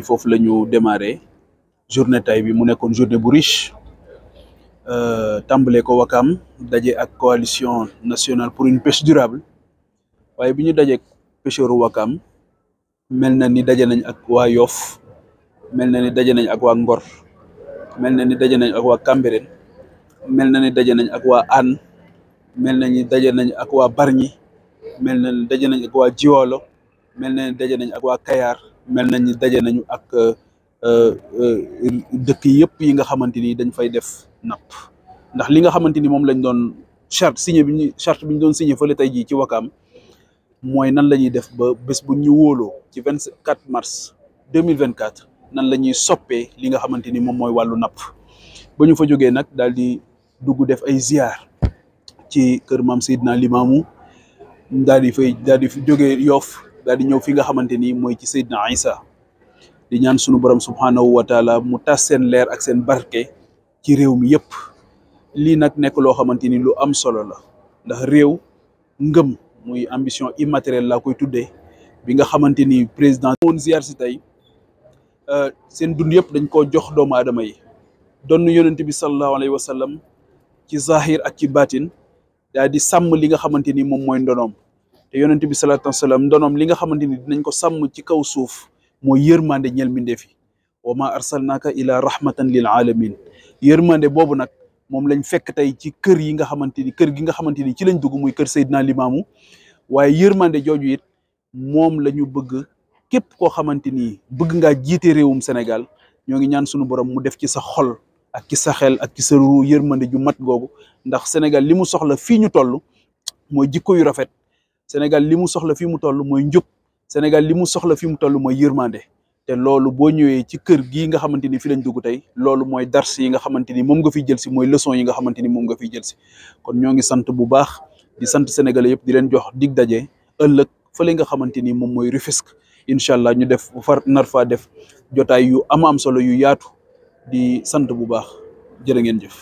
depuis foofu la ñu démarré journée tay bi mu nekkoon journée bu riche euh, tàmbalee ko Wakam daje ak coalition nationale pour une pêche durable waaye bi ñu dajeek pêcheur Wakam mel na ni daje nañ ak waa Yoff mel na ni daje nañ ak waa Ngor mel na ni daje nañ ak waa Cambérène mel na ni daje nañ ak waa Hann mel na ni daje nañ ak waa Bargny mel na ni daje nañ ak waa Jiwolo mel na ni daje nañ ak waa Kayar mel nañ ni daje nañu ak euh, euh, euh, dëkk yëpp yi nga xamante ni dañ fay def napp ndax li nga xamante ni moom lañ doon charte signe bi ñu charte bi ñu doon signé fële tey jii ci wakaam mooy nan la ñuy def ba bés bu ñu wóoloo ci vingt quatre mars deux mille vingt quatre nan la ñuy soppee li nga xamante ni moom mooy wàllu napp ba ñu fa jógee nag daal di dugg def ay ziar ci kër maam Seydina Limaamu dal di fay daal di jógee Yoof Dari di ñew fi nga xamanteni moy ci Seydina Isa di ñaan suñu borom subhanahu wa taala mu tas seen leer ak seen barké ci réew mi yépp li nak nek lo xamanteni lu am solo la ndax réew ngëm muy ambition immatérielle la koy tuddé bi nga xamanteni président ziar tay euh seen dund yépp dañ ko jox doom adama yi donn yonent bi sallallahu alayhi wa sallam ci zahir ak ci batin di sam li nga xamanteni mom moy ndonom te yonent bi salaatu wasallam donom li nga xamanteni dinañ ko sam ci kaw suuf mo yermande ñel minde fi wa ma arsalnaka ila rahmatan lil alamin Yirman de nak mom lañ fekk tay ci kër yi nga xamanteni kër gi nga xamanteni ci lañ dug muy kër Seydina limamu waye yermande joju it mom lañu bëgg kep ko xamanteni bëgg nga jité rewum senegal ñoo ngi ñaan suñu borom mu def ci sa xol ak ci sa xel ak ci sa ru yermande ju mat gogou ndax senegal limu soxla ñu jikko yu rafet Sénégal li mu soxla fi mu toll mooy njub Sénégal li mu soxla fi mu toll mooy yërmande te loolu boo ñëwee ci kër gii nga xamante ni fi lañ dugg tey loolu mooy dars yi nga xamante ni moom nga fiy jël si mooy leçon nga xamante ni moom nga fiy jël si kon ñoo ngi sant bu baax di sant sénégalais yëpp di leen jox dig daje ëllëg fële nga xamante ni moom mooy Rufisque incha allah ñu def far nar faa def jotaay yu am am solo yu yaatu di sant bu baax jërë ngeen jëf.